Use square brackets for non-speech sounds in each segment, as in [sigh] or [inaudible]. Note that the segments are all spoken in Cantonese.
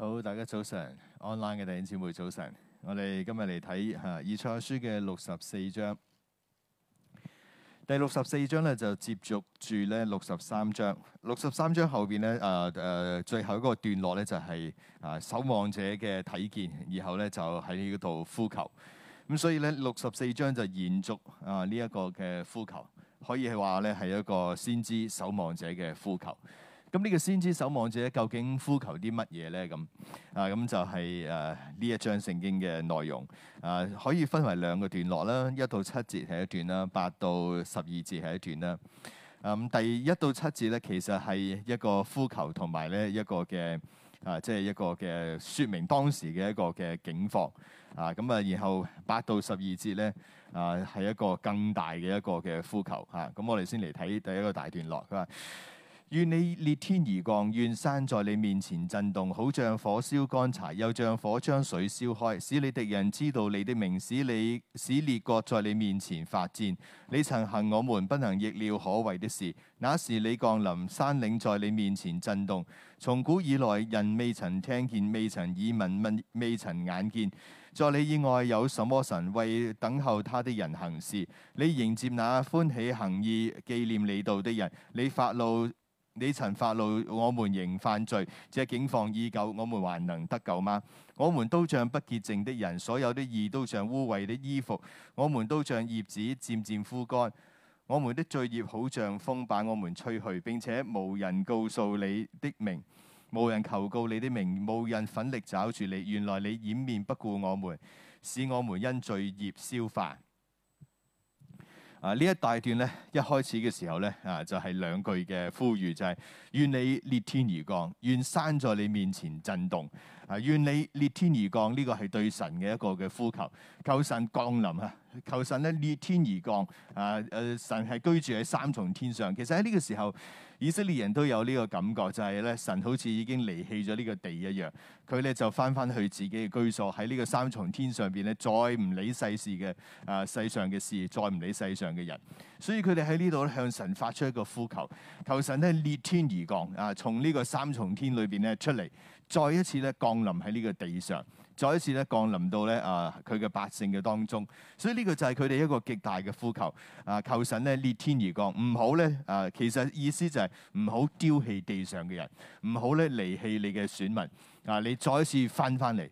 好，大家早晨，online 嘅弟兄姊妹早晨。我哋今日嚟睇吓《以賽亞書》嘅六十四章。第六十四章咧就接續住咧六十三章。六十三章後邊咧，誒、呃、誒、呃，最後一個段落咧就係、是、啊守望者嘅睇見，然後咧就喺嗰度呼求。咁所以咧六十四章就延續啊呢一、這個嘅呼求，可以話咧係一個先知守望者嘅呼求。咁呢個先知守望者究竟呼求啲乜嘢咧？咁啊咁就係誒呢一章聖經嘅內容啊，可以分為兩個段落啦，一到七節係一段啦，八到十二節係一段啦。啊第一到七節咧，其實係一個呼求同埋咧一個嘅啊，即係一個嘅説明當時嘅一個嘅景況啊。咁啊，然後八到十二節咧啊，係一個更大嘅一個嘅呼求嚇。咁啊我哋先嚟睇第一個大段落，佢話。願你裂天而降，願山在你面前震動，好像火燒乾柴，又像火將水燒開，使你敵人知道你的名，使你使列國在你面前發戰。你曾行我們不能逆料可畏的事，那時你降臨，山嶺在你面前震動。從古以來，人未曾聽見，未曾耳聞，未曾眼見。在你以外有什麼神為等候他的人行事？你迎接那歡喜行義、紀念你道的人，你發怒。你曾發怒，我們仍犯罪，這景況已久，我們還能得救嗎？我們都像不潔淨的人，所有的義都像污穢的衣服，我們都像葉子漸漸枯乾，我們的罪孽好像風把我們吹去，並且無人告訴你的名，無人求告你的名，無人奮力抓住你，原來你掩面不顧我們，使我們因罪孽消化。啊！呢一大段咧，一開始嘅時候咧，啊就係、是、兩句嘅呼籲，就係、是、願你裂天而降，願山在你面前震動。啊！願你裂天而降，呢、這個係對神嘅一個嘅呼求，求神降臨啊！求神咧裂天而降啊！誒、呃、神係居住喺三重天上，其實喺呢個時候，以色列人都有呢個感覺，就係、是、咧神好似已經離棄咗呢個地一樣，佢咧就返返去自己嘅居所喺呢個三重天上邊咧，再唔理世事嘅啊、呃、世上嘅事，再唔理世上嘅人，所以佢哋喺呢度向神發出一個呼求，求神咧裂天而降啊，從、呃、呢個三重天裏邊咧出嚟，再一次咧降臨喺呢個地上。再一次咧降臨到咧啊佢嘅百姓嘅當中，所以呢個就係佢哋一個極大嘅呼求啊！求神咧裂天而降，唔好咧啊！其實意思就係唔好丟棄地上嘅人，唔好咧離棄你嘅選民啊！你再一次翻翻嚟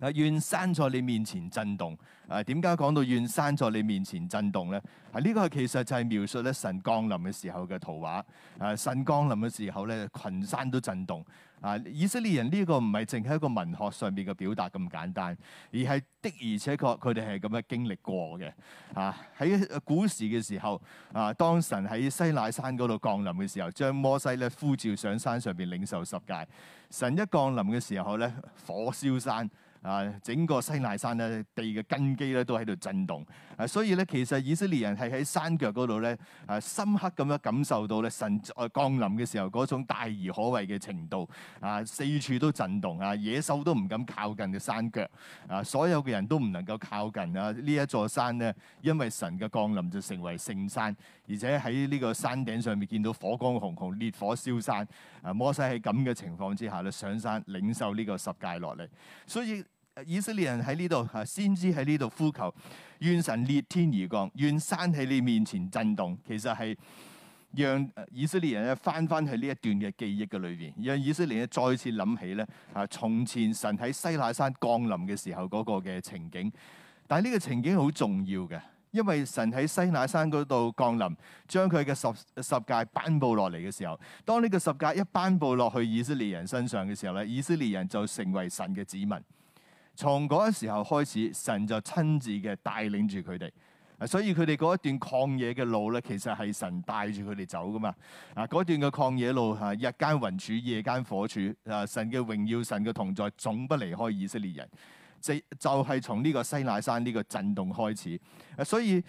啊！願山在你面前震動啊！點解講到願山在你面前震動咧？啊，呢個其實就係描述咧神降臨嘅時候嘅圖畫啊！神降臨嘅時候咧，群山都震動。啊！以色列人呢個唔係淨係一個文學上邊嘅表達咁簡單，而係的而且確佢哋係咁樣經歷過嘅。啊！喺古時嘅時候，啊，當神喺西奈山嗰度降臨嘅時候，將摩西咧呼召上山上邊領受十戒。神一降臨嘅時候咧，火燒山。啊！整個西奈山咧，地嘅根基咧都喺度震動。啊，所以咧，其實以色列人係喺山腳嗰度咧，啊深刻咁樣感受到咧神啊降臨嘅時候嗰種大而可畏嘅程度。啊，四處都震動，啊野獸都唔敢靠近嘅山腳。啊，所有嘅人都唔能夠靠近啊呢一座山咧，因為神嘅降臨就成為聖山，而且喺呢個山頂上面見到火光紅紅，烈火燒山。啊，摩西喺咁嘅情況之下咧，上山領受呢個十戒落嚟。所以以色列人喺呢度吓，先知喺呢度呼求，願神裂天而降，願山喺你面前震動。其實係讓以色列人咧翻翻去呢一段嘅記憶嘅裏邊，讓以色列人再次諗起咧吓、啊、從前神喺西乃山降臨嘅時候嗰個嘅情景。但係呢個情景好重要嘅，因為神喺西乃山嗰度降臨，將佢嘅十十誡頒布落嚟嘅時候，當呢個十誡一頒布落去以色列人身上嘅時候咧，以色列人就成為神嘅子民。從嗰個時候開始，神就親自嘅帶領住佢哋，所以佢哋嗰一段曠野嘅路咧，其實係神帶住佢哋走噶嘛。啊，嗰段嘅曠野路吓，日間雲柱，夜間火柱，啊，神嘅榮耀，神嘅同在，總不離開以色列人。即就係、是、從呢個西乃山呢個震動開始。所以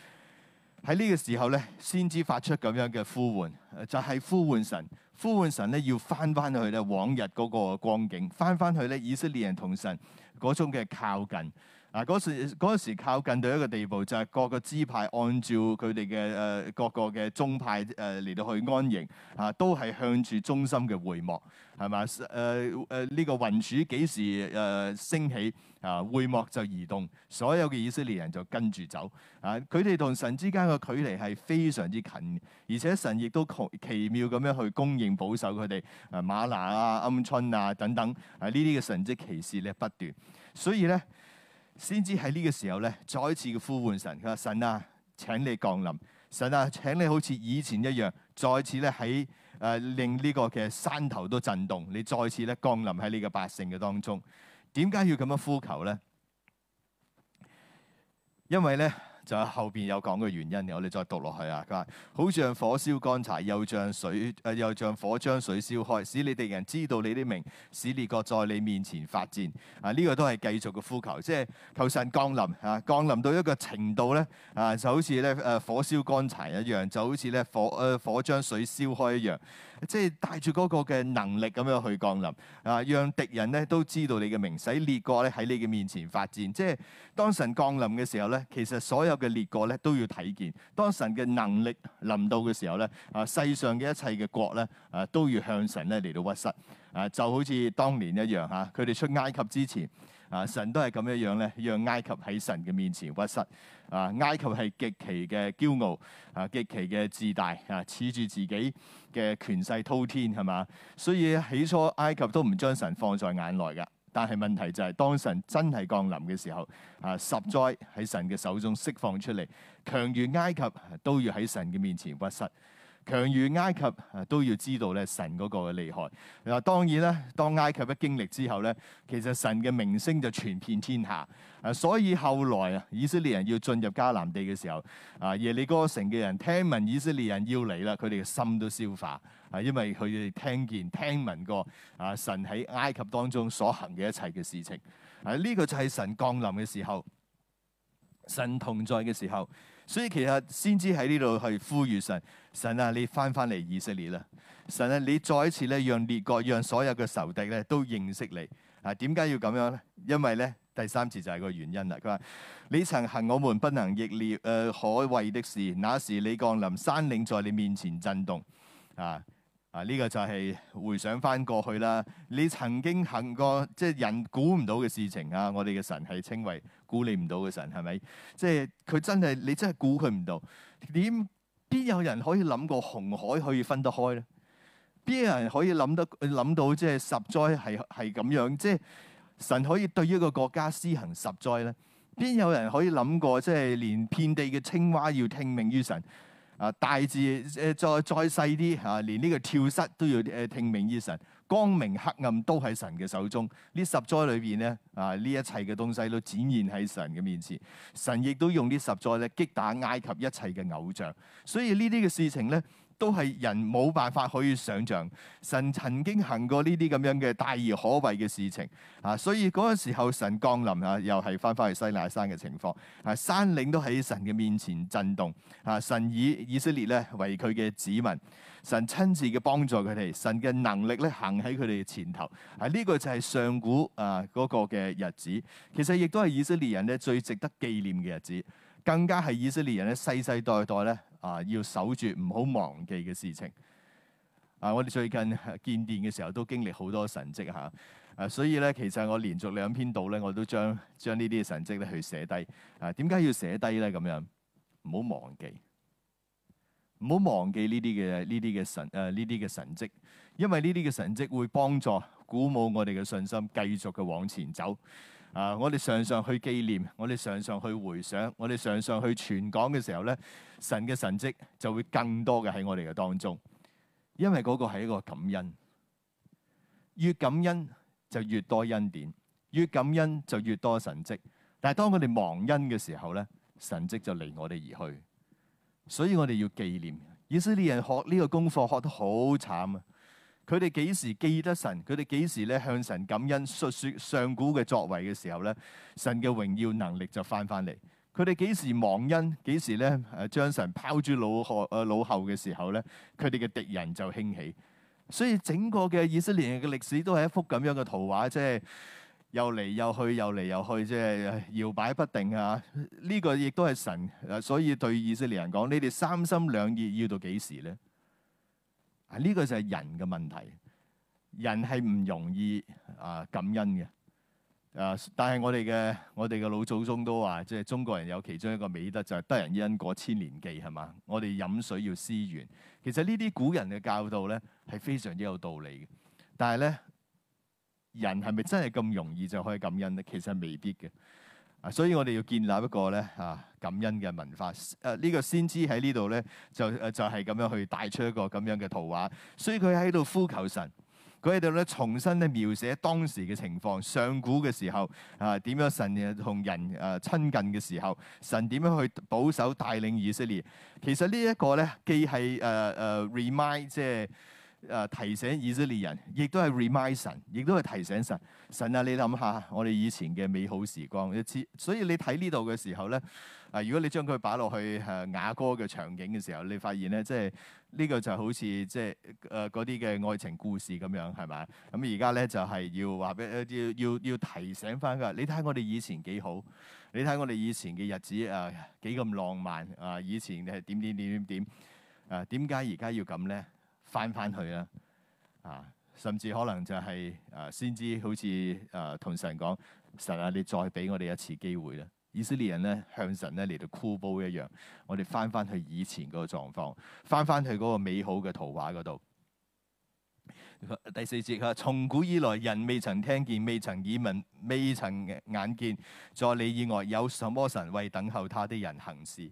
喺呢個時候咧，先至發出咁樣嘅呼喚，就係、是、呼喚神，呼喚神咧要翻翻去咧往日嗰個光景，翻翻去咧以色列人同神。嗰種嘅靠近。嗱，嗰、啊、時嗰陣時靠近到一個地步，就係、是、各個支派按照佢哋嘅誒各個嘅宗派誒嚟、呃、到去安營啊，都係向住中心嘅會幕係嘛誒誒？呢、呃呃這個雲柱幾時誒、呃、升起啊？會幕就移動，所有嘅以色列人就跟住走啊。佢哋同神之間嘅距離係非常之近，而且神亦都奇奇妙咁樣去供應保守佢哋啊，馬拿啊、鵪鶉啊等等啊，呢啲嘅神跡奇事咧不斷，所以咧。先知喺呢個時候咧，再次嘅呼喚神，佢話神啊，請你降臨，神啊，請你好似以前一樣，再次咧喺誒令呢、這個嘅山頭都震動，你再次咧降臨喺呢個百姓嘅當中，點解要咁樣呼求咧？因為咧。就係後邊有講嘅原因，我哋再讀落去啊！佢話：好像火燒乾柴，又像水誒，又像火將水燒開，使你敵人知道你的名，使列國在你面前發顫。啊！呢、這個都係繼續嘅呼求，即係求神降臨嚇、啊，降臨到一個程度咧，啊就好似咧誒火燒乾柴一樣，就好似咧火誒、呃、火將水燒開一樣。即係帶住嗰個嘅能力咁樣去降臨啊，讓敵人咧都知道你嘅名，使列國咧喺你嘅面前發顫。即係當神降臨嘅時候咧，其實所有嘅列國咧都要睇見，當神嘅能力臨到嘅時候咧，啊，世上嘅一切嘅國咧，啊，都要向神咧嚟到屈膝。啊，就好似當年一樣嚇，啊，佢哋出埃及之前。啊！神都係咁嘅樣咧，讓埃及喺神嘅面前屈膝。啊！埃及係極其嘅驕傲，啊，極其嘅自大，啊，恃住自己嘅權勢滔天，係嘛？所以、啊、起初埃及都唔將神放在眼內噶。但係問題就係、是，當神真係降臨嘅時候，啊，十災喺神嘅手中釋放出嚟，強如埃及都要喺神嘅面前屈膝。強如埃及都要知道咧，神嗰個厲害。嗱，當然啦，當埃及一經歷之後咧，其實神嘅名聲就傳遍天下。啊，所以後來啊，以色列人要進入迦南地嘅時候，啊耶利哥城嘅人聽聞以色列人要嚟啦，佢哋嘅心都消化，啊，因為佢哋聽見聽聞過啊神喺埃及當中所行嘅一切嘅事情。啊，呢個就係神降臨嘅時候，神同在嘅時候，所以其實先知喺呢度去呼籲神。神啊，你翻翻嚟以色列啦！神啊，你再一次咧，讓列國、讓所有嘅仇敵咧，都認識你啊！點解要咁樣咧？因為咧，第三次就係個原因啦。佢話：你曾行我們不能逆料、誒、呃、可畏的事，那時你降臨，山嶺在你面前震動啊！啊，呢、啊這個就係回想翻過去啦。你曾經行過即係、就是、人估唔到嘅事情啊！我哋嘅神係稱為估你唔到嘅神，係咪？即係佢真係你真係估佢唔到點？邊有人可以諗過紅海可以分得開咧？邊有人可以諗得諗到即係十災係係咁樣？即係神可以對於一個國家施行十災咧？邊有人可以諗過即係連遍地嘅青蛙要聽命於神啊？大致誒再再細啲吓、啊，連呢個跳蚤都要誒聽命於神。光明黑暗都喺神嘅手中，呢十災裏邊咧，啊，呢一切嘅東西都展現喺神嘅面前，神亦都用呢十災咧擊打埃及一切嘅偶像，所以呢啲嘅事情咧。都係人冇辦法可以想像，神曾經行過呢啲咁樣嘅大而可畏嘅事情啊！所以嗰個時候神降臨啊，又係翻返去西奈山嘅情況啊，山嶺都喺神嘅面前震動啊！神以以色列咧為佢嘅子民，神親自嘅幫助佢哋，神嘅能力咧行喺佢哋嘅前頭啊！呢個就係上古啊嗰個嘅日子，其實亦都係以色列人咧最值得紀念嘅日子，更加係以色列人咧世世代代咧。啊，要守住唔好忘記嘅事情。啊，我哋最近見電嘅時候都經歷好多神蹟嚇。啊，所以咧，其實我連續兩篇到咧，我都將將呢啲嘅神蹟咧去寫低。啊，點解要寫低咧？咁樣唔好忘記，唔好忘記呢啲嘅呢啲嘅神誒呢啲嘅神蹟，因為呢啲嘅神蹟會幫助鼓舞我哋嘅信心，繼續嘅往前走。啊！我哋常常去紀念，我哋常常去回想，我哋常常去傳講嘅時候咧，神嘅神蹟就會更多嘅喺我哋嘅當中，因為嗰個係一個感恩，越感恩就越多恩典，越感恩就越多神蹟。但係當我哋忘恩嘅時候咧，神蹟就離我哋而去。所以我哋要紀念。以色列人學呢個功課學得好慘啊！佢哋幾時記得神？佢哋幾時咧向神感恩述説上古嘅作為嘅時候咧，神嘅榮耀能力就翻返嚟。佢哋幾時忘恩？幾時咧誒將神拋住腦後誒腦後嘅時候咧，佢哋嘅敵人就興起。所以整個嘅以色列嘅歷史都係一幅咁樣嘅圖畫，即係又嚟又去，又嚟又去，即係搖擺不定啊！呢、這個亦都係神。所以對以色列人講：你哋三心兩意要到幾時咧？啊！呢個就係人嘅問題，人係唔容易啊感恩嘅。啊，呃，但係我哋嘅我哋嘅老祖宗都話，即係中國人有其中一個美德，就係得人因果千年記係嘛。我哋飲水要思源。其實呢啲古人嘅教導咧係非常之有道理嘅。但係咧，人係咪真係咁容易就可以感恩咧？其實未必嘅。啊！所以我哋要建立一個咧嚇、啊、感恩嘅文化。誒、啊、呢、這個先知喺呢度咧就誒、啊、就係、是、咁樣去帶出一個咁樣嘅圖畫。所以佢喺度呼求神，佢喺度咧重新咧描寫當時嘅情況。上古嘅時候啊，點樣神同人誒親、啊、近嘅時候，神點樣去保守帶領以色列？其實呢一個咧既係誒誒 remind 即係。誒提醒以色列人，亦都係 remind 神，亦都係提醒神。神啊，你諗下，我哋以前嘅美好時光一次。所以你睇呢度嘅時候咧，啊，如果你將佢擺落去誒雅歌嘅場景嘅時候，你發現咧，即係呢個就好似即係誒嗰啲嘅愛情故事咁樣，係咪？咁而家咧就係、是、要話俾、呃、要要要提醒翻佢，你睇我哋以前幾好，你睇我哋以前嘅日子誒幾咁浪漫啊、呃！以前誒係點點點點點誒點解而家要咁咧？返返去啦，啊，甚至可能就係、是、啊，先知好似啊同神講，神啊，你再俾我哋一次機會啦、啊！以色列人呢向神呢嚟到箍煲一樣，我哋返返去以前嗰個狀況，返返去嗰個美好嘅圖畫嗰度。第四節啊，從古以來，人未曾聽見，未曾耳聞，未曾眼見，在你以外有什麼神為等候他的人行事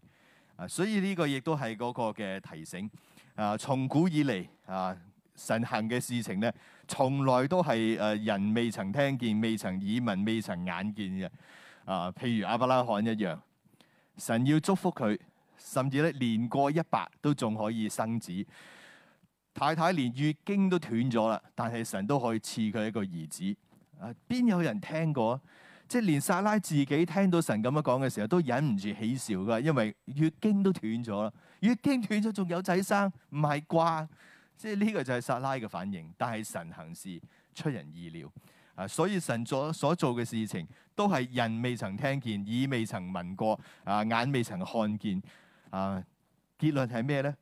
啊？所以呢個亦都係嗰個嘅提醒。啊，從古以嚟啊，神行嘅事情咧，從來都係誒、啊、人未曾聽見、未曾耳聞、未曾眼見嘅。啊，譬如亞伯拉罕一樣，神要祝福佢，甚至咧年過一百都仲可以生子，太太連月經都斷咗啦，但係神都可以賜佢一個兒子。啊，邊有人聽過，啊？即係連撒拉自己聽到神咁樣講嘅時候，都忍唔住喜笑㗎，因為月經都斷咗啦。月經斷咗，仲有仔生，唔係啩？即係呢個就係撒拉嘅反應，但係神行事出人意料啊！所以神所所做嘅事情，都係人未曾聽見，耳未曾聞過，啊眼未曾看見啊！結論係咩咧？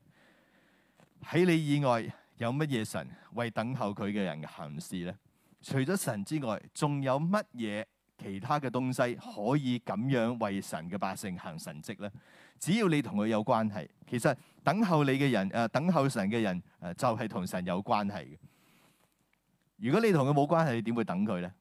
喺你以外有乜嘢神為等候佢嘅人行事咧？除咗神之外，仲有乜嘢其他嘅東西可以咁樣為神嘅百姓行神蹟咧？只要你同佢有關係，其實等候你嘅人，誒、呃、等候神嘅人，誒、呃、就係、是、同神有關係嘅。如果你同佢冇關係，你點會等佢咧？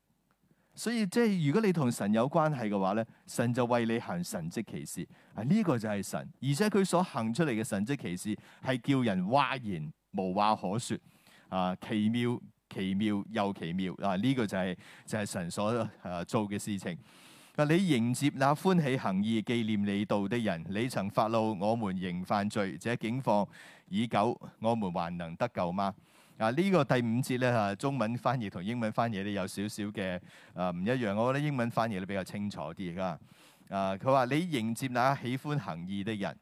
所以即係如果你同神有關係嘅話咧，神就為你行神蹟奇事。啊，呢、這個就係神，而且佢所行出嚟嘅神蹟奇事係叫人嘩然無話可説。啊，奇妙奇妙又奇妙。啊，呢、這個就係、是、就係、是、神所誒、啊、做嘅事情。嗱，你迎接那歡喜行義、紀念你道的人，你曾發怒，我們仍犯罪，這境況已久，我們還能得救嗎？啊，呢個第五節咧嚇，中文翻譯同英文翻譯咧有少少嘅啊唔一樣。我覺得英文翻譯咧比較清楚啲。而家啊，佢話你迎接那喜歡行義的人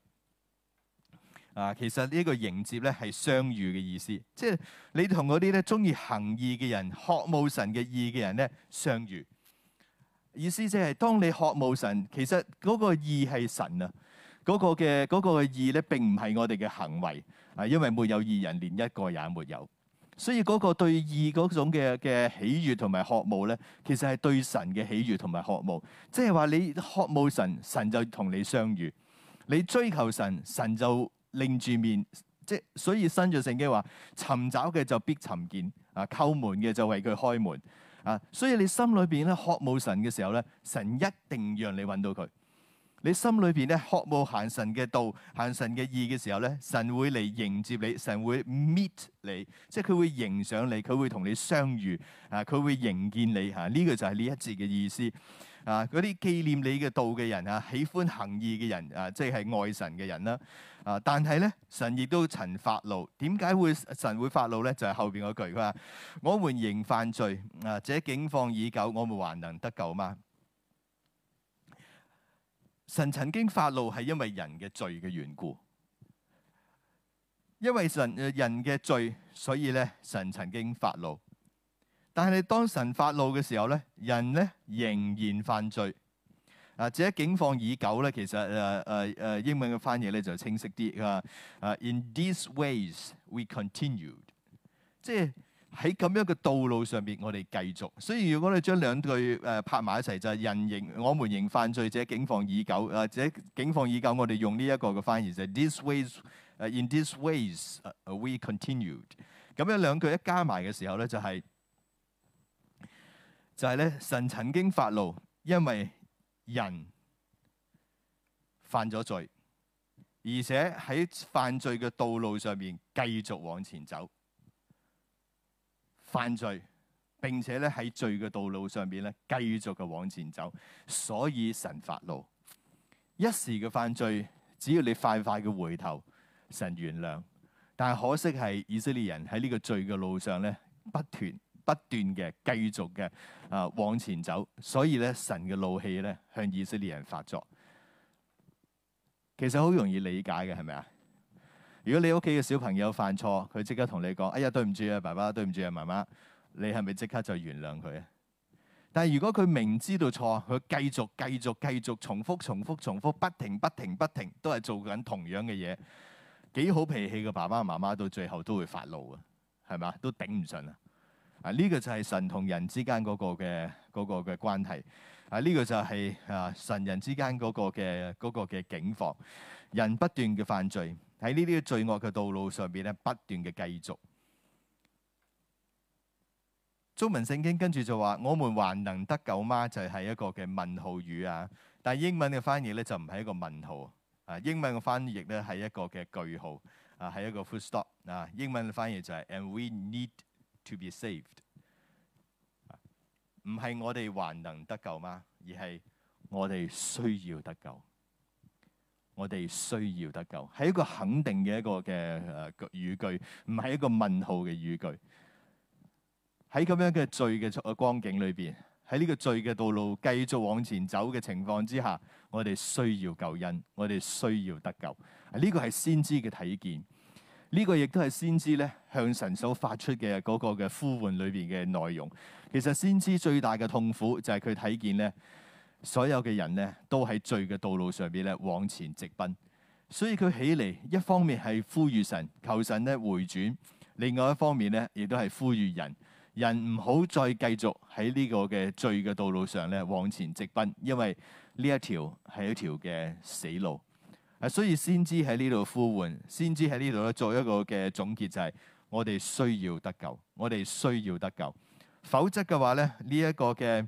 啊，其實呢個迎接咧係相遇嘅意思，即係你同嗰啲咧中意行義嘅人、渴慕神嘅義嘅人咧相遇。意思即、就、係、是，當你渴慕神，其實嗰個義係神啊，嗰、那個嘅嗰、那個嘅義咧並唔係我哋嘅行為啊，因為沒有義人，連一個也沒有。所以嗰個對義嗰種嘅嘅喜悅同埋渴慕咧，其實係對神嘅喜悅同埋渴慕。即係話你渴慕神，神就同你相遇；你追求神，神就擰住面。即係所以新約聖經話：尋找嘅就必尋見啊，叩門嘅就為佢開門。啊！所以你心裏邊咧渴慕神嘅時候咧，神一定讓你揾到佢。你心裏邊咧渴慕行神嘅道、行神嘅意嘅時候咧，神會嚟迎接你，神會 meet 你，即係佢會迎上你，佢會同你相遇啊！佢會迎見你啊！呢、這個就係呢一節嘅意思。啊！嗰啲紀念你嘅道嘅人啊，喜歡行義嘅人啊，即係愛神嘅人啦。啊！但係咧，神亦都曾發怒。點解會神會發怒咧？就係、是、後邊嗰句佢話：我們仍犯罪啊，這景況已久，我們還能得救嗎？神曾經發怒係因為人嘅罪嘅緣故，因為神、呃、人嘅罪，所以咧神曾經發怒。但係當神發怒嘅時候咧，人咧仍然犯罪。啊，這景況已久咧，其實誒誒誒，英文嘅翻譯咧就清晰啲啊。啊，in these ways we continued，即係喺咁樣嘅道路上邊，我哋繼續。所以如果你將兩句誒、啊、拍埋一齊就係、是、人仍，我們仍犯罪。這景況已久啊，這景況已久我，我哋用呢一個嘅翻譯就係、是、these ways，誒、uh, in these ways，we、uh, continued。咁樣兩句一加埋嘅時候咧，就係、是。就係咧，神曾經發怒，因為人犯咗罪，而且喺犯罪嘅道路上面繼續往前走，犯罪並且咧喺罪嘅道路上面咧繼續嘅往前走，所以神發怒。一時嘅犯罪，只要你快快嘅回頭，神原諒。但係可惜係以色列人喺呢個罪嘅路上咧不斷。不斷嘅繼續嘅啊，往前走，所以咧神嘅怒氣咧向以色列人發作。其實好容易理解嘅，係咪啊？如果你屋企嘅小朋友犯錯，佢即刻同你講：哎呀，對唔住啊，爸爸，對唔住啊，媽媽，你係咪即刻就原諒佢啊？但係如果佢明知道錯，佢繼續繼續繼續重複重複重複，不停不停不停，不停，都係做緊同樣嘅嘢，幾好脾氣嘅爸爸媽媽，到最後都會發怒啊，係咪啊？都頂唔順啊！啊！呢個就係神同人之間嗰個嘅嗰個嘅關係。啊！呢個就係啊神人之間嗰個嘅嗰個嘅警防。人不斷嘅犯罪，喺呢啲罪惡嘅道路上邊咧，不斷嘅繼續。中文聖經跟住就話：我們還能得救嗎？就係一個嘅問號語啊。但係英文嘅翻譯咧就唔係一個問號啊。英文嘅翻譯咧係一個嘅句號啊，係一個 full stop 啊。英文嘅翻譯就係 and we need。唔係我哋還能得救嗎？而係我哋需要得救。我哋需要得救，係一個肯定嘅一個嘅語句，唔係一個問號嘅語句。喺咁樣嘅罪嘅光景裏邊，喺呢個罪嘅道路繼續往前走嘅情況之下，我哋需要救恩，我哋需要得救。呢個係先知嘅睇見。呢個亦都係先知咧向神所發出嘅嗰個嘅呼喚裏邊嘅內容。其實先知最大嘅痛苦就係佢睇見咧所有嘅人咧都喺罪嘅道路上邊咧往前直奔，所以佢起嚟一方面係呼籲神，求神咧回轉，另外一方面咧亦都係呼籲人人唔好再繼續喺呢個嘅罪嘅道路上咧往前直奔，因為呢一條係一條嘅死路。係，所以先知喺呢度呼喚，先知喺呢度咧做一個嘅總結，就係我哋需要得救，我哋需要得救，否則嘅話咧，呢、這、一個嘅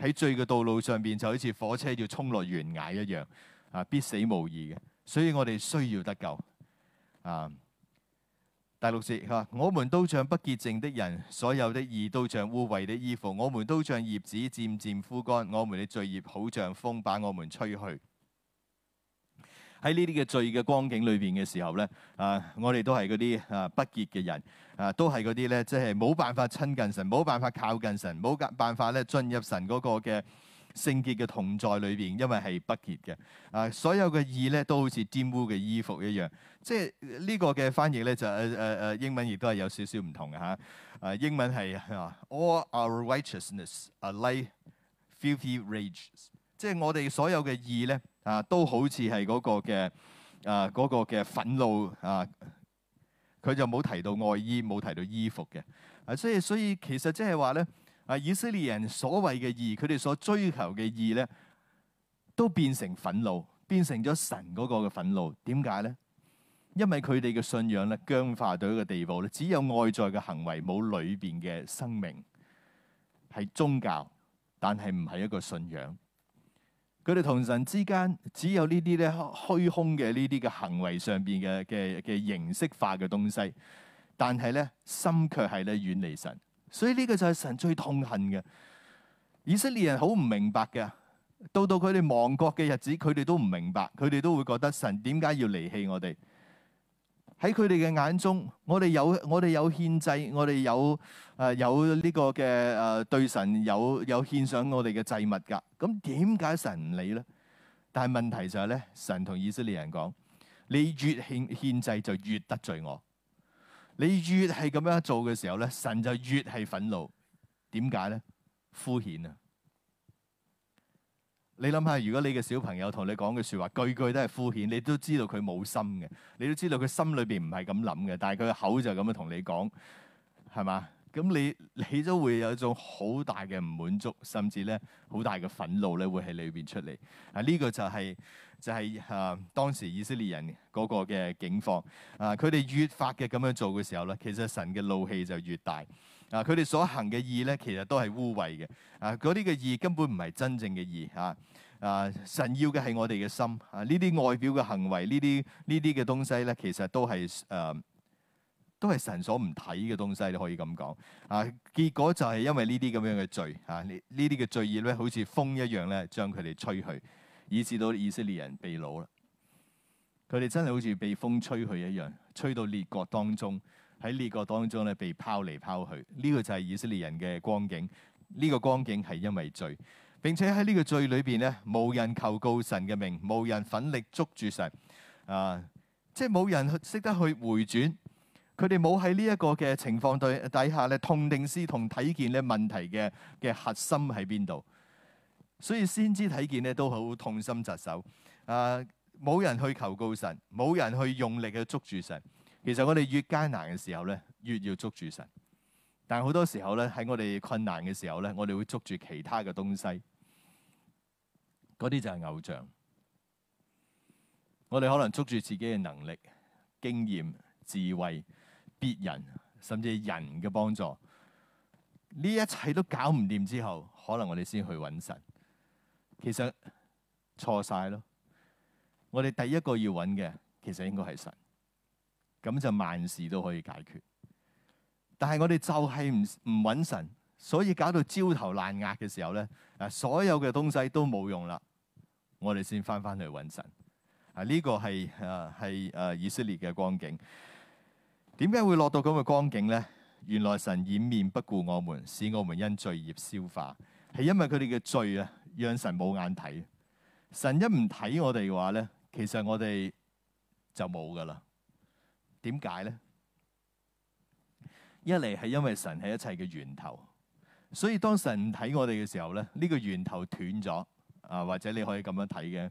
喺罪嘅道路上邊，就好似火車要衝落懸崖一樣，啊，必死無疑嘅。所以我哋需要得救。啊，第六節嚇，我們都像不潔淨的人，所有的義都像污穢的衣服，我們都像葉子漸漸枯乾，我們嘅罪孽好像風把我們吹去。喺呢啲嘅罪嘅光景裏邊嘅時候咧，啊，我哋都係嗰啲啊不潔嘅人，啊，都係嗰啲咧，即係冇辦法親近神，冇辦法靠近神，冇辦法咧進入神嗰個嘅聖潔嘅同在裏邊，因為係不潔嘅。啊，所有嘅義咧都好似玷污嘅衣服一樣，即係呢個嘅翻譯咧就誒誒誒英文亦都係有少少唔同嘅啊，英文係啊文，all our righteousness are like filthy rages，即係我哋所有嘅義咧。啊，都好似係嗰個嘅啊，嗰個嘅憤怒啊，佢就冇提到外衣，冇提到衣服嘅。啊。所以所以其實即係話咧，啊以色列人所謂嘅義，佢哋所追求嘅義咧，都變成憤怒，變成咗神嗰個嘅憤怒。點解咧？因為佢哋嘅信仰咧僵化到一個地步咧，只有外在嘅行為，冇裏邊嘅生命，係宗教，但係唔係一個信仰。佢哋同神之間只有呢啲咧虛空嘅呢啲嘅行為上邊嘅嘅嘅形式化嘅東西，但係咧心卻係咧遠離神，所以呢個就係神最痛恨嘅。以色列人好唔明白嘅，到到佢哋亡國嘅日子，佢哋都唔明白，佢哋都會覺得神點解要離棄我哋？喺佢哋嘅眼中，我哋有我哋有獻祭，我哋有誒有呢、呃、個嘅誒、呃、對神有有獻上我哋嘅祭物㗎。咁點解神唔理咧？但係問題就係咧，神同以色列人講：你越獻獻祭就越得罪我，你越係咁樣做嘅時候咧，神就越係憤怒。點解咧？敷衍啊！你諗下，如果你嘅小朋友同你講嘅説話句句都係敷衍，你都知道佢冇心嘅，你都知道佢心裏邊唔係咁諗嘅，但係佢口就咁樣同你講，係嘛？咁你你都會有一種好大嘅唔滿足，甚至咧好大嘅憤怒咧會喺裏邊出嚟。啊，呢個就係就係啊當時以色列人嗰個嘅境況。啊，佢哋越發嘅咁樣做嘅時候咧，其實神嘅怒氣就越大。啊！佢哋所行嘅義咧，其實都係污穢嘅。啊！嗰啲嘅義根本唔係真正嘅義。啊！啊！神要嘅係我哋嘅心。啊！呢啲外表嘅行為，呢啲呢啲嘅東西咧，其實都係誒、啊，都係神所唔睇嘅東西，你可以咁講。啊！結果就係因為呢啲咁樣嘅罪。啊！呢呢啲嘅罪孽咧，好似風一樣咧，將佢哋吹去，以至到以色列人被擄啦。佢哋真係好似被風吹去一樣，吹到列國當中。喺呢個當中咧，被拋嚟拋去，呢、這個就係以色列人嘅光景。呢、這個光景係因為罪，並且喺呢個罪裏邊咧，無人求告神嘅名，冇人奮力捉住神，啊、呃，即係冇人去識得去回轉。佢哋冇喺呢一個嘅情況對底下咧，痛定思痛，睇見咧問題嘅嘅核心喺邊度，所以先知睇見咧都好痛心疾首。啊、呃，冇人去求告神，冇人去用力去捉住神。其實我哋越艱難嘅時候呢，越要捉住神。但好多時候呢，喺我哋困難嘅時候呢，我哋會捉住其他嘅東西，嗰啲就係偶像。我哋可能捉住自己嘅能力、經驗、智慧、別人甚至人嘅幫助，呢一切都搞唔掂之後，可能我哋先去揾神。其實錯晒咯，我哋第一個要揾嘅，其實應該係神。咁就萬事都可以解決，但係我哋就係唔唔揾神，所以搞到焦頭爛額嘅時候咧，啊，所有嘅東西都冇用啦。我哋先返返去揾神啊，呢個係啊係啊以色列嘅光景。點解會落到咁嘅光景咧？原來神掩面不顧我們，使我們因罪孽消化，係因為佢哋嘅罪啊，讓神冇眼睇。神一唔睇我哋嘅話咧，其實我哋就冇噶啦。點解咧？一嚟係因為神係一切嘅源頭，所以當神唔睇我哋嘅時候咧，呢、這個源頭斷咗啊，或者你可以咁樣睇嘅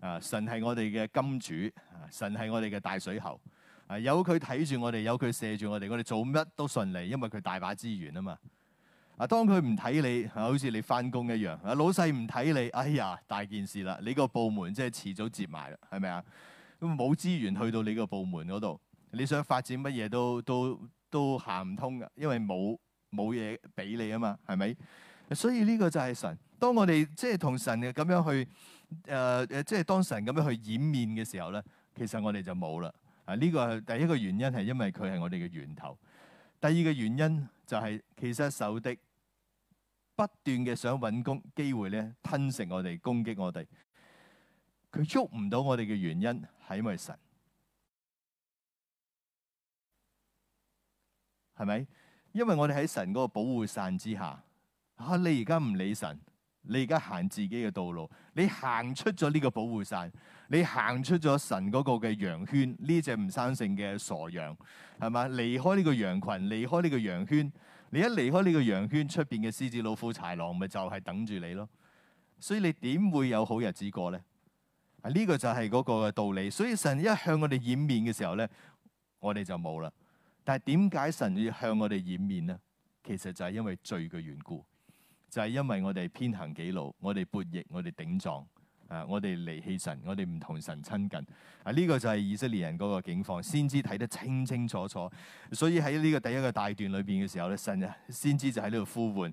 啊。神係我哋嘅金主，啊、神係我哋嘅大水喉啊，有佢睇住我哋，有佢射住我哋，我哋做乜都順利，因為佢大把資源啊嘛。啊，當佢唔睇你，好似你翻工一樣啊，老細唔睇你，哎呀，大件事啦！你個部門即係遲早接埋啦，係咪啊？咁冇資源去到你個部門嗰度。你想發展乜嘢都都都行唔通噶，因為冇冇嘢俾你啊嘛，係咪？所以呢個就係神。當我哋即係同神嘅咁樣去誒誒、呃，即係當神咁樣去掩面嘅時候咧，其實我哋就冇啦。啊，呢個係第一個原因係因為佢係我哋嘅源頭。第二個原因就係、是、其實仇敵不斷嘅想揾工機會咧，吞食我哋，攻擊我哋。佢喐唔到我哋嘅原因係因為神。係咪？因為我哋喺神嗰個保護傘之下，啊！你而家唔理神，你而家行自己嘅道路，你行出咗呢個保護傘，你行出咗神嗰個嘅羊圈，呢隻唔生性嘅傻羊，係咪？離開呢個羊群，離開呢個，個羊圈，你一離開呢個羊圈，出邊嘅獅子、老虎、豺狼，咪就係等住你咯。所以你點會有好日子過咧？啊，呢個就係嗰個嘅道理。所以神一向我哋掩面嘅時候咧，我哋就冇啦。但係點解神要向我哋掩面呢？其實就係因為罪嘅緣故，就係、是、因為我哋偏行己路，我哋叛逆，我哋頂撞，啊，我哋離棄神，我哋唔同神親近。啊，呢、這個就係以色列人嗰個境況，先知睇得清清楚楚。所以喺呢個第一個大段裏邊嘅時候咧，神啊，先知就喺呢度呼喚，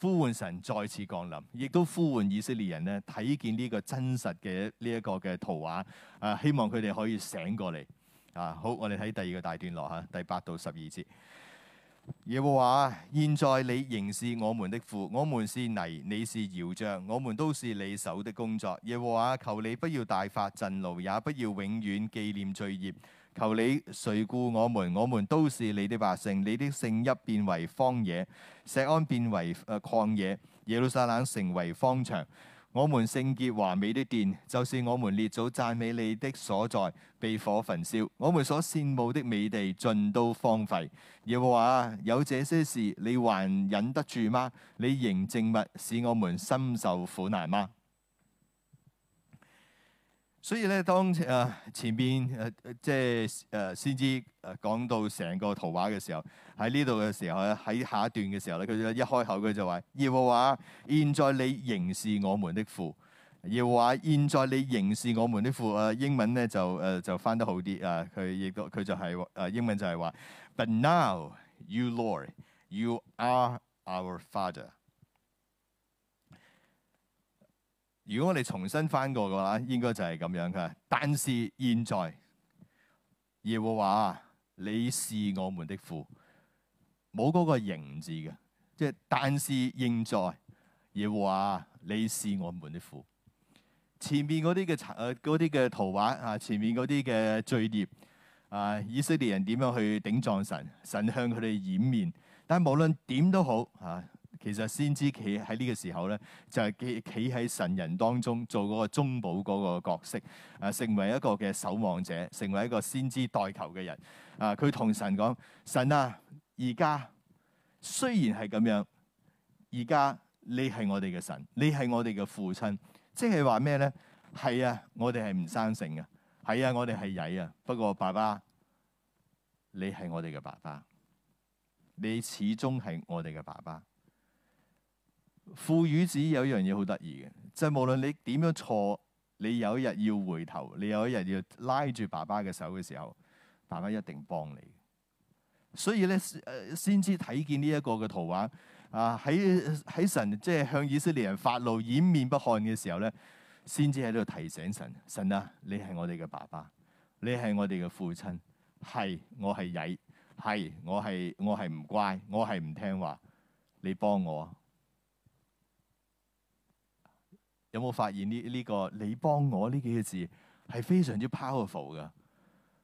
呼喚神再次降臨，亦都呼喚以色列人咧睇見呢個真實嘅呢一個嘅圖畫。啊，希望佢哋可以醒過嚟。啊，好，我哋睇第二個大段落嚇，第八到十二節。耶和華啊，現在你仍是我們的父，我們是泥，你是窯匠，我們都是你手的工作。耶和華，求你不要大發震怒，也不要永遠記念罪孽。求你垂顧我們，我們都是你的百姓，你的聖邑變為荒野，錫安變為誒曠野，耶路撒冷成為荒場。我們聖潔華美的殿，就是我們列祖讚美你的所在，被火焚燒。我們所羨慕的美地，盡都荒廢。耶和華啊，有這些事，你還忍得住嗎？你仍靜默，使我們深受苦難嗎？所以咧，當誒、呃、前邊誒、呃、即係誒、呃、先知、呃、講到成個圖畫嘅時候，喺呢度嘅時候咧，喺下一段嘅時候咧，佢一開口佢就、mm hmm. 話：耶和華現在你仍是我們的父。耶和華現在你仍是我們的父。誒、啊、英文咧就誒、呃、就翻得好啲啊！佢亦都佢就係、是、誒、啊、英文就係話：But now you Lord, you are our father. 如果我哋重新翻過嘅話，應該就係咁樣嘅。但是現在，耶和華你是我們的父，冇嗰個形字嘅，即係但是現在，耶和華你是我們的父。前面嗰啲嘅彩，嗰啲嘅圖畫啊，前面嗰啲嘅罪孽啊，以色列人點樣去頂撞神，神向佢哋掩面。但係無論點都好啊。其實先知企喺呢個時候咧，就係企喺神人當中做嗰個中保嗰個角色，誒、呃、成為一個嘅守望者，成為一個先知代求嘅人。啊、呃，佢同神講：神啊，而家雖然係咁樣，而家你係我哋嘅神，你係我哋嘅父親，即係話咩咧？係啊，我哋係唔生性啊，係啊，我哋係曳啊。不過爸爸，你係我哋嘅爸爸，你始終係我哋嘅爸爸。父與子有一樣嘢好得意嘅，就係、是、無論你點樣錯，你有一日要回頭，你有一日要拉住爸爸嘅手嘅時候，爸爸一定幫你。所以咧，先、呃、先知睇見呢一個嘅圖畫啊，喺喺神即係、就是、向以色列人發怒，掩面不看嘅時候咧，先知喺度提醒神，神啊，你係我哋嘅爸爸，你係我哋嘅父親，係我係曳，係我係我係唔乖，我係唔聽話，你幫我。有冇發現呢、這個？呢個你幫我呢幾個字係非常之 powerful 噶，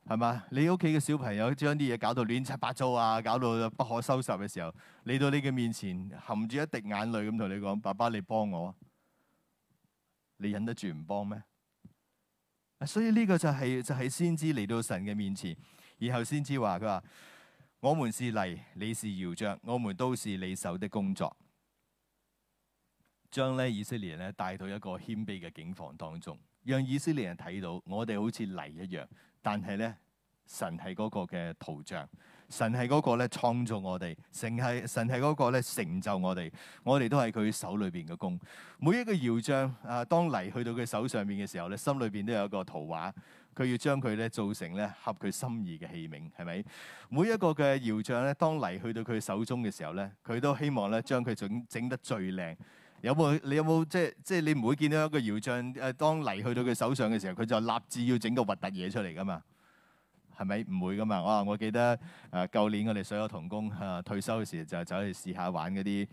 係嘛？你屋企嘅小朋友將啲嘢搞到亂七八糟啊，搞到不可收拾嘅時候，嚟到你嘅面前含住一滴眼淚咁同你講：爸爸，你幫我，啊，你忍得住唔幫咩？所以呢個就係、是、就係、是、先知嚟到神嘅面前，然後先知話佢話：我們是泥，你是窯匠，我們都是你手的工作。將咧以色列人咧帶到一個謙卑嘅境況當中，讓以色列人睇到我哋好似泥一樣，但係咧神係嗰個嘅圖像，神係嗰個咧創造我哋，成係神係嗰個咧成就我哋。我哋都係佢手裏邊嘅工。每一個窯匠，啊，當泥去到佢手上面嘅時候咧，心裏邊都有一個圖畫，佢要將佢咧做成咧合佢心意嘅器皿，係咪？每一個嘅窯匠咧，當泥去到佢手中嘅時候咧，佢都希望咧將佢整整得最靚。有冇、就是、你有冇，即係即係你唔會見到一個窯匠，誒當泥去到佢手上嘅時候，佢就立志要整個核突嘢出嚟噶嘛？係咪唔會噶嘛？我啊，我記得誒，舊年我哋所有同工退休嘅時候就走去試下玩嗰啲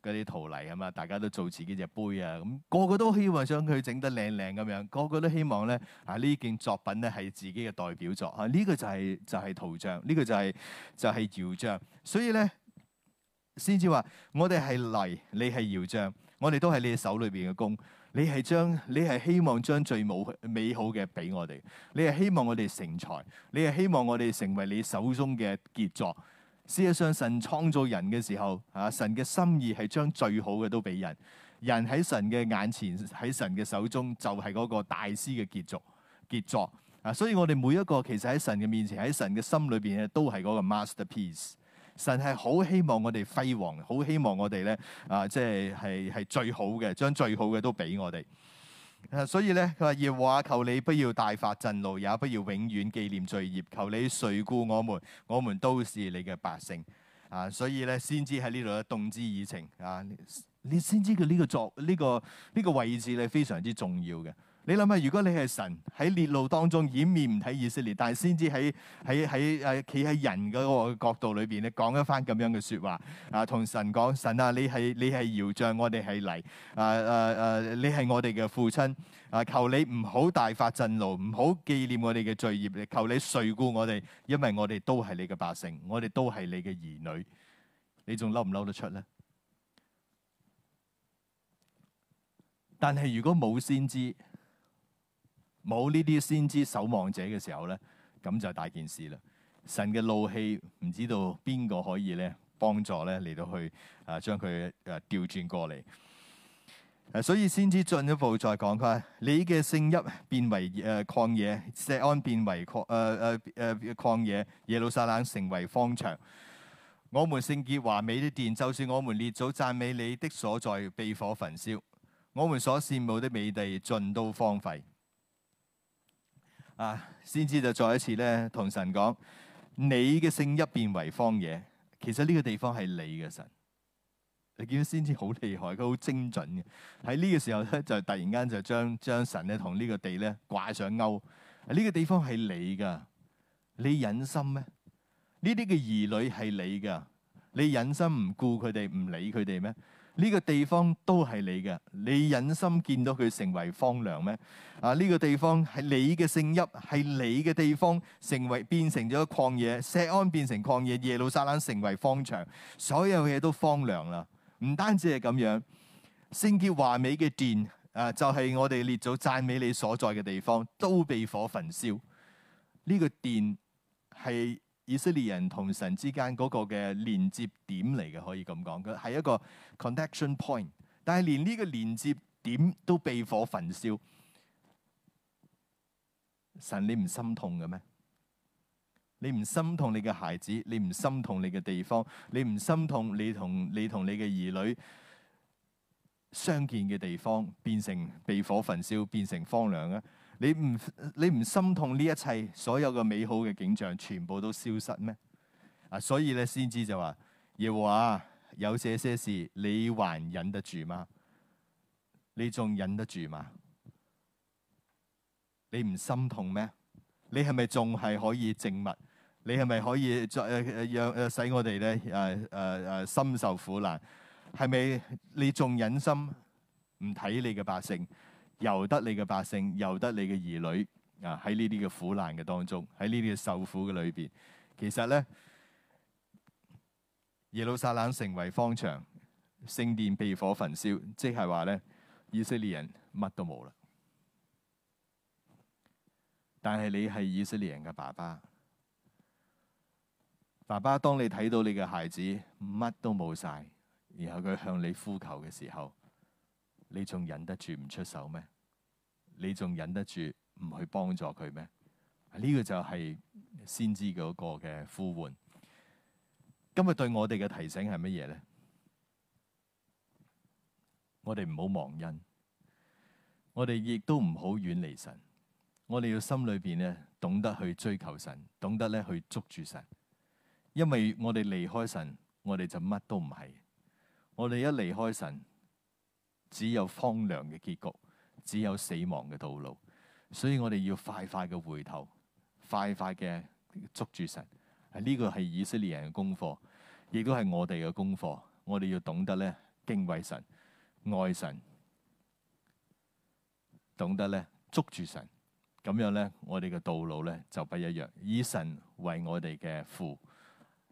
嗰啲陶泥啊嘛，大家都做自己隻杯啊，咁個個都希望將佢整得靚靚咁樣，個個都希望咧啊，呢件作品咧係自己嘅代表作嚇，呢、啊這個就係、是、就係、是、陶匠，呢、這個就係、是、就係窯匠，所以咧先至話我哋係泥，你係窯匠。我哋都係你嘅手裏邊嘅工，你係將你係希望將最冇美好嘅俾我哋，你係希望我哋成才，你係希望我哋成為你手中嘅傑作。事實上，神創造人嘅時候，啊，神嘅心意係將最好嘅都俾人。人喺神嘅眼前，喺神嘅手中，就係嗰個大師嘅傑作。傑作啊，所以我哋每一個其實喺神嘅面前，喺神嘅心裏邊咧，都係嗰個 masterpiece。神係好希望我哋輝煌，好希望我哋咧啊，即係係係最好嘅，將最好嘅都俾我哋，啊。所以咧，佢話：「耶和華求你不要大發震怒，也不要永遠記念罪孽，求你垂顧我們，我們都是你嘅百姓。啊，所以咧，先知喺呢度啊，動之以情啊你，你先知佢、這、呢個作呢、這個呢、這個位置咧，非常之重要嘅。你諗下，如果你係神喺烈怒當中掩面唔睇以色列，但係先知喺喺喺誒，企喺人嗰個角度裏邊咧，講一番咁樣嘅說話啊，同神講：神啊，你係你係窯匠，我哋係泥，啊啊啊！你係我哋嘅父親啊，求你唔好大發震怒，唔好紀念我哋嘅罪孽，求你垂顧我哋，因為我哋都係你嘅百姓，我哋都係你嘅兒女。你仲嬲唔嬲得出咧？但係如果冇先知。冇呢啲先知守望者嘅時候咧，咁就大件事啦。神嘅怒氣唔知道邊個可以咧幫助咧嚟到去啊，將佢誒、啊、調轉過嚟誒、啊，所以先知進一步再講佢話：你嘅聖邑變為誒曠野，錫安變為曠誒誒誒曠野，耶路撒冷成為荒場。我們聖潔華美的殿，就算我們列祖讚美你的所在，被火焚燒；我們所羨慕的美地，盡都荒廢。啊！先知就再一次咧，同神講，你嘅聖邑變為荒野。其實呢個地方係你嘅神。你見到先知好厲害，佢好精準嘅。喺呢個時候咧，就突然間就將將神咧同呢個地咧掛上鈎。呢個地方係你噶，你忍心咩？呢啲嘅兒女係你噶，你忍心唔顧佢哋，唔理佢哋咩？呢個地方都係你嘅，你忍心見到佢成為荒涼咩？啊，呢、這個地方係你嘅聖邑，係你嘅地方，成為變成咗曠野，錫安變成曠野，耶路撒冷成為荒場，所有嘢都荒涼啦。唔單止係咁樣，聖潔華美嘅殿，啊，就係、是、我哋列祖讚美你所在嘅地方，都被火焚燒。呢、這個殿係。以色列人同神之間嗰個嘅連接點嚟嘅，可以咁講，佢係一個 connection point。但係連呢個連接點都被火焚燒，神你唔心痛嘅咩？你唔心痛你嘅孩子，你唔心痛你嘅地方，你唔心痛你同你同你嘅兒女相見嘅地方，變成被火焚燒，變成荒涼咧？你唔你唔心痛呢一切所有嘅美好嘅景象全部都消失咩？啊，所以咧，先知就話：耶和華、啊、有這些，些事，你還忍得住嗎？你仲忍得住嗎？你唔心痛咩？你係咪仲係可以靜默？你係咪可以再誒、啊、讓誒使我哋咧誒誒誒深受苦難？係咪你仲忍心唔睇你嘅百姓？由得你嘅百姓，由得你嘅兒女啊！喺呢啲嘅苦難嘅當中，喺呢啲嘅受苦嘅裏邊，其實呢，耶路撒冷成為荒場，聖殿被火焚燒，即係話呢，以色列人乜都冇啦。但係你係以色列人嘅爸爸，爸爸，當你睇到你嘅孩子乜都冇晒，然後佢向你呼求嘅時候。你仲忍得住唔出手咩？你仲忍得住唔去幫助佢咩？呢個就係先知嗰個嘅呼喚。今日對我哋嘅提醒係乜嘢呢？我哋唔好忘恩，我哋亦都唔好遠離神。我哋要心裏邊咧，懂得去追求神，懂得咧去捉住神。因為我哋離開神，我哋就乜都唔係。我哋一離開神。只有荒涼嘅結局，只有死亡嘅道路，所以我哋要快快嘅回頭，快快嘅捉住神。呢個係以色列人嘅功課，亦都係我哋嘅功課。我哋要懂得咧敬畏神、愛神，懂得咧捉住神，咁樣咧我哋嘅道路咧就不一樣。以神為我哋嘅父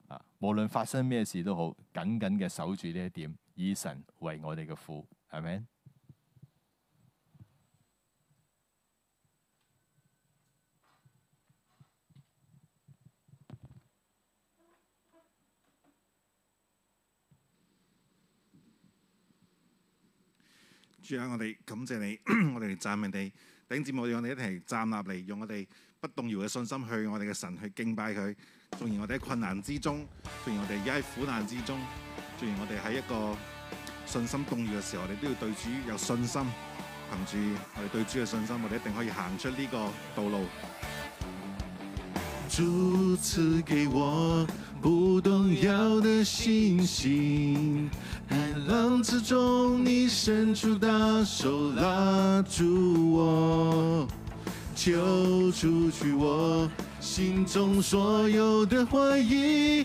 啊，無論發生咩事都好，緊緊嘅守住呢一點，以神為我哋嘅父。阿們，主啊，我哋感謝你， [coughs] 我哋嚟讚美你。頂節目，我哋一齊站立嚟，用我哋不動搖嘅信心去我哋嘅神去敬拜佢。縱然我哋喺困難之中，縱然我哋而家喺苦難之中，縱然我哋喺一個……信心動搖嘅時候，我哋都要對自己有信心，憑住我哋對主嘅信心，我哋一定可以行出呢個道路。主賜給我不動搖的信心，海浪之中你伸出大手拉住我，求主去我心中所有的懷疑。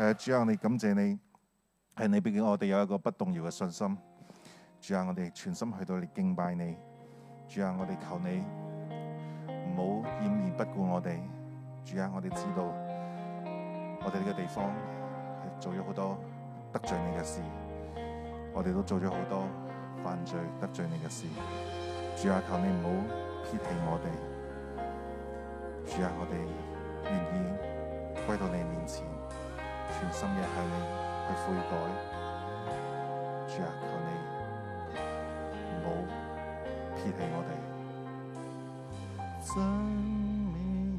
誒、uh, 主啊！你感謝你係你，畢竟我哋有一個不動搖嘅信心。主啊！我哋全心去到你敬拜你。主啊！我哋求你唔好掩面不顧我哋。主啊！我哋知道我哋呢個地方係做咗好多得罪你嘅事，我哋都做咗好多犯罪得罪你嘅事。主啊！求你唔好撇棄我哋。主啊！我哋願意歸到你面前。深夜向你去悔改，主啊，求你唔好撇棄我哋。生命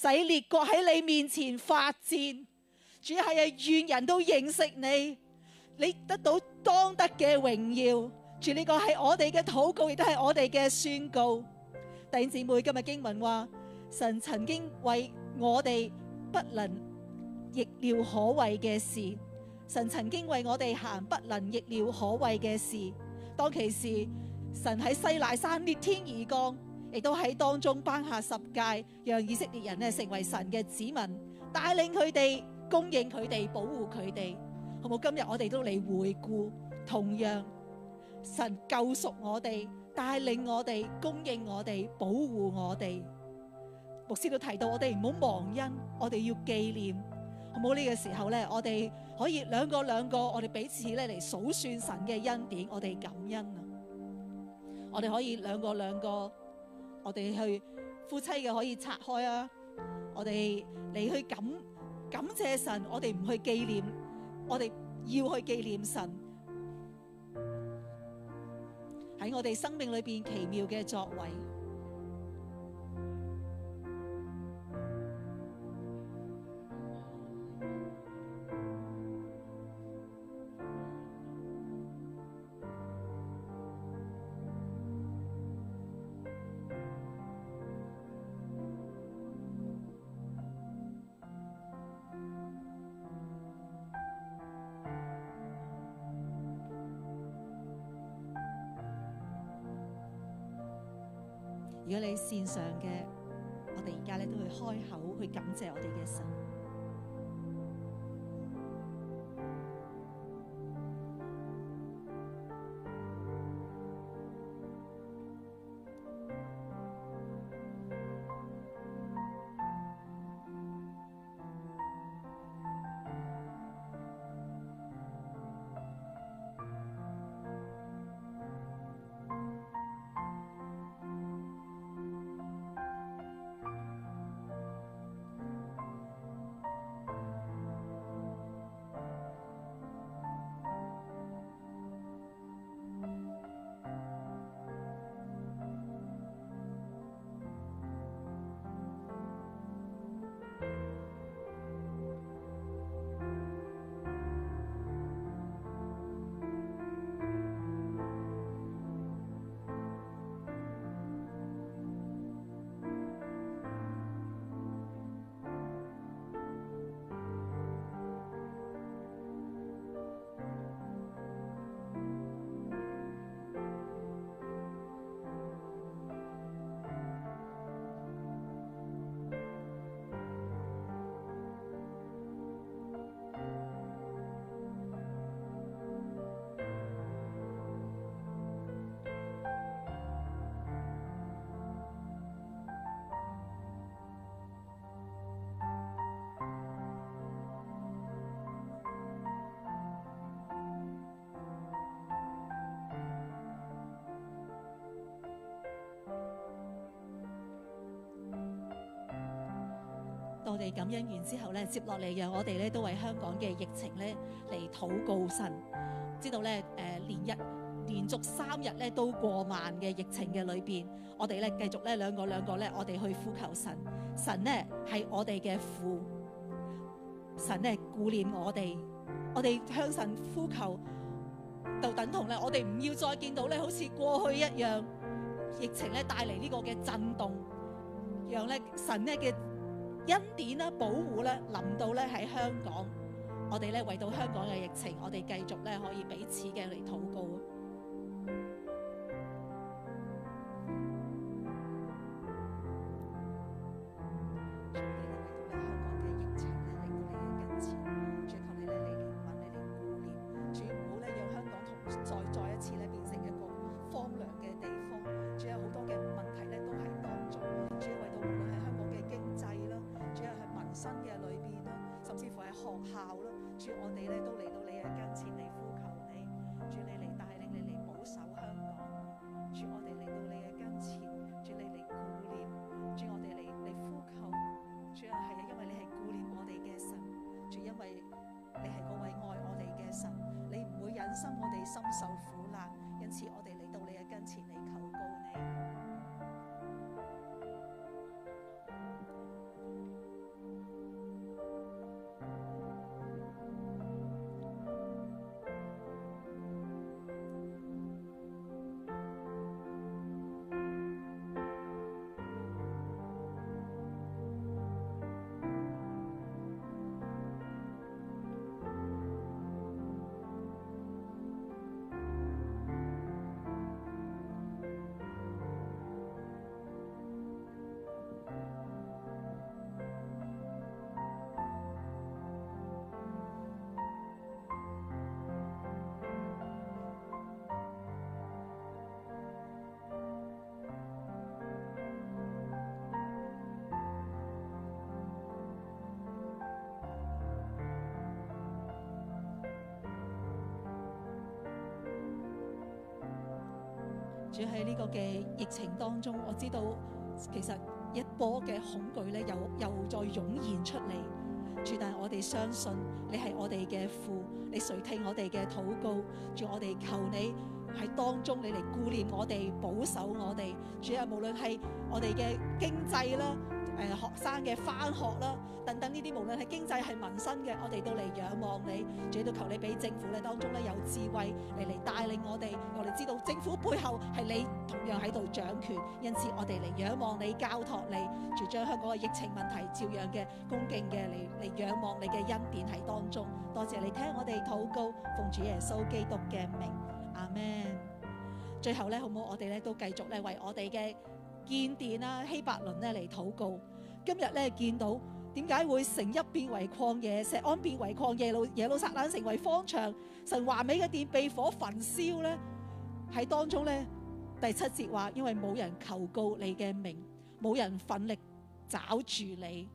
使列國喺你面前發戰，主係啊，願人都認識你，你得到當得嘅榮耀。主，呢個係我哋嘅禱告，亦都係我哋嘅宣告。弟兄姊妹，今日經文話，神曾經為我哋不能逆料可畏嘅事，神曾經為我哋行不能逆料可畏嘅事。當其時，神喺西奈山裂天而降。亦都喺當中頒下十誡，讓以色列人咧成為神嘅子民，帶領佢哋、供應佢哋、保護佢哋，好冇？今日我哋都嚟回顧，同樣神救贖我哋，帶領我哋、供應我哋、保護我哋。牧師都提到，我哋唔好忘恩，我哋要紀念，好冇？呢、這個時候咧，我哋可以兩個兩個，我哋彼此咧嚟數算神嘅恩典，我哋感恩啊！我哋可以兩個兩個。我哋去夫妻嘅可以拆開啊！我哋嚟，去感感謝神，我哋唔去紀念，我哋要去紀念神喺我哋生命裏邊奇妙嘅作為。我哋感恩完之後咧，接落嚟讓我哋咧都為香港嘅疫情咧嚟禱告神。知道咧，誒、呃，連日連續三日咧都過萬嘅疫情嘅裏邊，我哋咧繼續咧兩個兩個咧，我哋去呼求神。神咧係我哋嘅父，神咧顧念我哋，我哋向神呼求就等同咧，我哋唔要再見到咧好似過去一樣疫情咧帶嚟呢個嘅震動，讓咧神咧嘅。恩典咧，保護咧，臨到咧喺香港，我哋咧為到香港嘅疫情，我哋繼續咧可以彼此嘅嚟禱告。孝咯，主我哋咧都嚟到你嘅跟前嚟呼求你，主你嚟帶領你嚟保守香港，主我哋嚟到你嘅跟前，主你嚟顧念，主我哋嚟嚟呼求，主要係啊，因為你係顧念我哋嘅神，主因為你係位愛我哋嘅神，你唔會忍心我哋深受苦。主喺呢個嘅疫情當中，我知道其實一波嘅恐懼咧，又又再湧現出嚟。主，但係我哋相信你係我哋嘅父，你垂聽我哋嘅禱告。主，我哋求你喺當中，你嚟顧念我哋，保守我哋。主啊，無論係我哋嘅經濟啦。誒學生嘅返學啦，等等呢啲，無論係經濟係民生嘅，我哋都嚟仰望你，仲要求你俾政府咧當中咧有智慧嚟嚟帶領我哋，我哋知道政府背後係你同樣喺度掌權，因此我哋嚟仰望你，交託你，除將香港嘅疫情問題，照樣嘅恭敬嘅嚟嚟仰望你嘅恩典喺當中。多謝你聽我哋禱告，奉主耶穌基督嘅名，阿門，最後咧，好唔好？我哋咧都繼續咧為我哋嘅。建殿啊，希伯倫咧嚟禱告。今日咧見到點解會聖邑變為曠野，錫安變為曠野，耶路耶路撒冷成為荒場。神華美嘅殿被火焚燒咧，喺當中咧第七節話，因為冇人求告你嘅名，冇人奮力抓住你。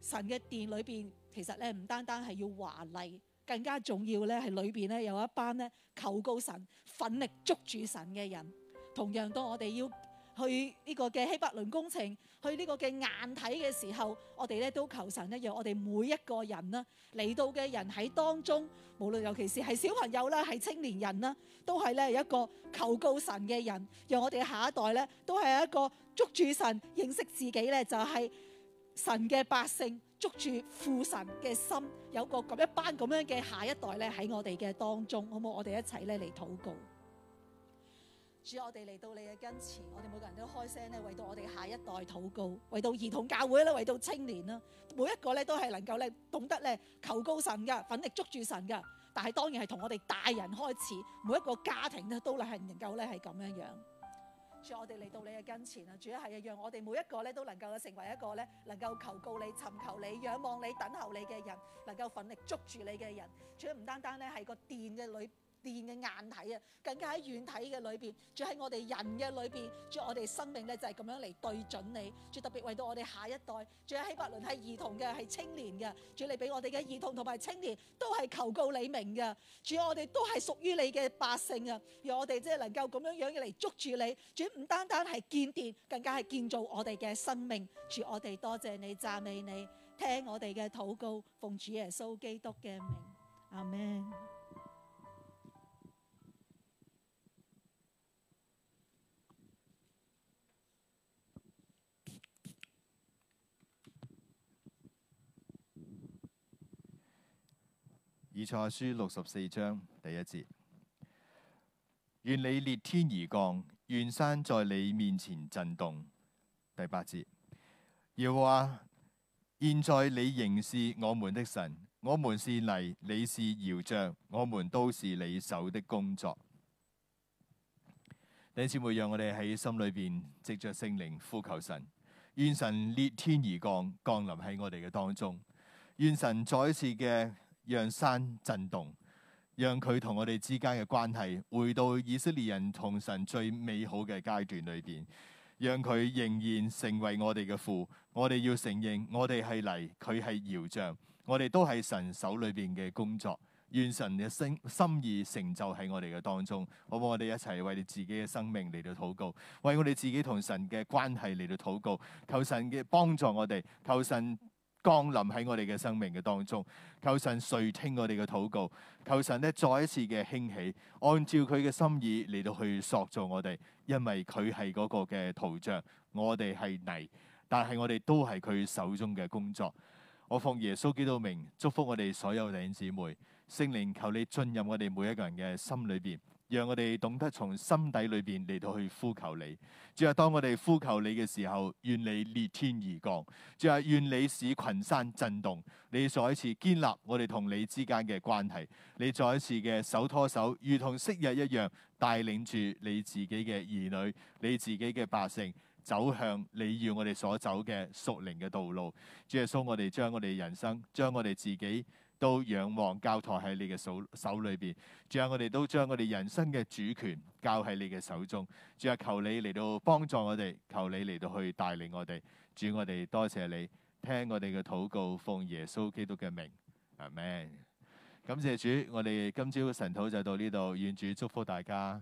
神嘅殿裏邊其實咧唔單單係要華麗，更加重要咧係裏邊咧有一班咧求告神、奮力捉住神嘅人。同樣到我哋要。去呢個嘅希伯倫工程，去呢個嘅眼睇嘅時候，我哋咧都求神一樣，我哋每一個人啦，嚟到嘅人喺當中，無論尤其是係小朋友啦，係青年人啦，都係咧一個求告神嘅人，讓我哋下一代咧都係一個捉住神，認識自己咧就係神嘅百姓，捉住父神嘅心，有個咁一班咁樣嘅下一代咧喺我哋嘅當中，好冇？我哋一齊咧嚟禱告。主，我哋嚟到你嘅跟前，我哋每個人都開聲咧，為到我哋下一代禱告，為到兒童教會咧，為到青年啦，每一個咧都係能夠咧懂得咧求告神嘅，奮力捉住神嘅。但係當然係同我哋大人開始，每一個家庭咧都係能夠咧係咁樣樣。主，我哋嚟到你嘅跟前啊！主，係啊，讓我哋每一個咧都能夠成為一個咧能夠求告你、尋求你、仰望你、等候你嘅人，能夠奮力捉住你嘅人。主，唔單單咧係個電嘅裏。殿嘅硬體啊，更加喺軟體嘅裏邊，仲喺我哋人嘅裏邊。主，我哋生命咧就係咁樣嚟對準你。主，特別為到我哋下一代，仲有希伯倫係兒童嘅，係青年嘅。主，你俾我哋嘅兒童同埋青年都係求告你名嘅。主，我哋都係屬於你嘅百姓嘅，而我哋只能夠咁樣樣嚟捉住你。主，唔單單係建殿，更加係建造我哋嘅生命。主，我哋多謝你讚美你，聽我哋嘅禱告，奉主耶穌基督嘅名，阿門。以賽亞書六十四章第一節：願你裂天而降，願山在你面前震動。第八節：耶和華現在你仍是我們的神，我們是泥，你是窯匠，我們都是你手的工作。弟兄姊妹，讓我哋喺心裏邊藉着聖靈呼求神，願神裂天而降，降臨喺我哋嘅當中，願神再一次嘅。讓山震動，讓佢同我哋之間嘅關係回到以色列人同神最美好嘅階段裏邊，讓佢仍然成為我哋嘅父。我哋要承認我，我哋係泥，佢係窯匠，我哋都係神手裏邊嘅工作，願神嘅心意成就喺我哋嘅當中。好，我哋一齊為自己嘅生命嚟到禱告，為我哋自己同神嘅關係嚟到禱告，求神嘅幫助我哋，求神。降臨喺我哋嘅生命嘅當中，求神垂聽我哋嘅禱告，求神咧再一次嘅興起，按照佢嘅心意嚟到去塑造我哋，因為佢係嗰個嘅圖像，我哋係泥，但係我哋都係佢手中嘅工作。我奉耶穌基督名，祝福我哋所有弟兄姊妹，聖靈求你進入我哋每一個人嘅心裏邊。讓我哋懂得從心底裏邊嚟到去呼求你，主啊！當我哋呼求你嘅時候，願你裂天而降，主啊！願你使群山震動，你再一次建立我哋同你之間嘅關係，你再一次嘅手拖手，如同昔日一樣帶領住你自己嘅兒女、你自己嘅百姓走向你要我哋所走嘅屬靈嘅道路。主耶穌，我哋將我哋人生，將我哋自己。都仰望交託喺你嘅手手裏邊，仲有我哋都將我哋人生嘅主權交喺你嘅手中，仲有求你嚟到幫助我哋，求你嚟到去帶領我哋，主，我哋多謝你，聽我哋嘅禱告，奉耶穌基督嘅名，阿門。感謝主，我哋今朝嘅神土就到呢度，願主祝福大家。